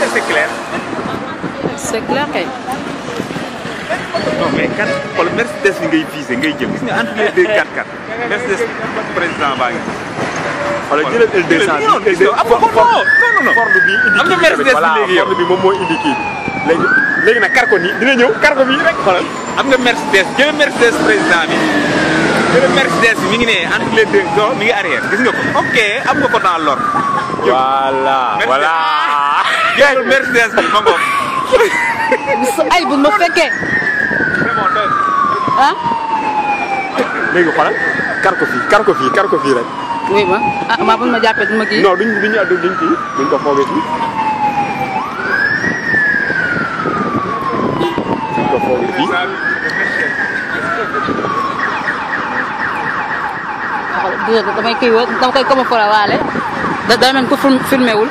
est-ce que c'est clair. c'est clair kay. non mais Mercedes bi ngay visé ngay jël gis nga entre les deux quatre quatre Mercedes président baa ngi. wala jëlal L200 bi non non non na Mercedes bi léegi yow bi moom mooy léegi léegi nag cargo nii dina ñëw nga Mercedes jëlal Mercedes président bi jëlal Mercedes bi mi ngi ne entre les deux mi ngi arrière gis nga ko ok am nga ko dans l'ordre voilà jaay ah, ñu Mercedes bi ma ngoog. ay ma maa bu ma jàppee du ma kii. non duñ duñ duñ kii duñ ko foogee fii. duñ ko foogee fii. waaw ah, dina damay ku filmé wul.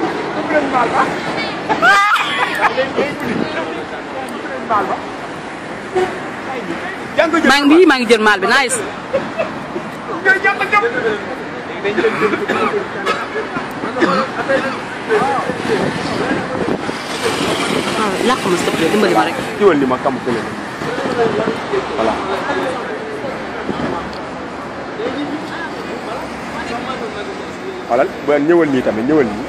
maa ngi nii maa ngi jël maal bi nice. waaw ah, làkk ma sëb yooyu dimbali ma rek. jiwal li ma kàmm kële voilà. xoolal ba ñëwal nii tamit ñëwal nii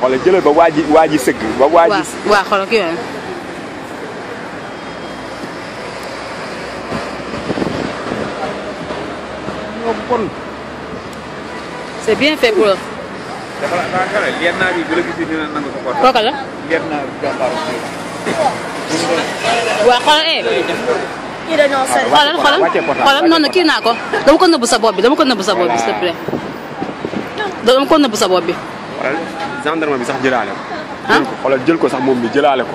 xoolal jëlal ba waa ji waa sëgg. ba waa ji waaw kooku kon. bi bu la gisee bi jàmbaaru suuf. waaw xoolal eh. kii ah, xoolal noonu kii naa ko dama ko nëbb sa bopp bi dama ko nëbb sa dama ko nëbb sa bopp bi. xoolal gendarme bi sax jëlaale ko. Ah? xoolal jël ko sax moom mi jëlaale ko.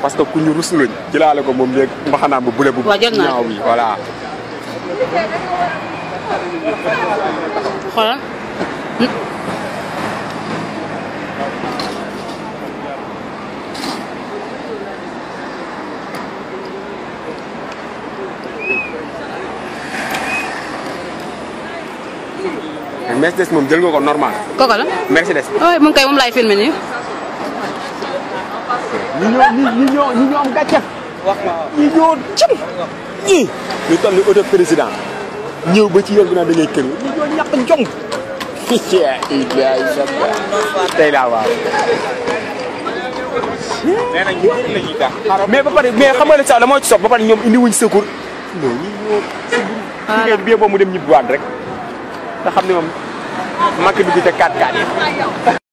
parce ku ñu rus jëlaale ko moom léegi mbaxanaam bu bule bu. waaw jël naa ñaaw bi 好了，嗯。Mercedes Mercedes mom nga ko normal. kooku la Mercedes. Oh, mom kay mom lay filmé ni. Ni ñoo ni ñoo ni ñoo am gàcce. wax ma. Ni ñoo ci. Ni ñu ni auto président. ñëw ba ci yoon bi naan dañuy kër ñu doon yàq njong tey laa waaw nee na ñu bëri ba pare mais xam nga ne sax dama ci sopp ba pare ñoom indi wuñ secours non ñi ñoo sigé bi boobu mu dem ñibbiwaat rek nga xam ne moom manque bi ci 4 4 yi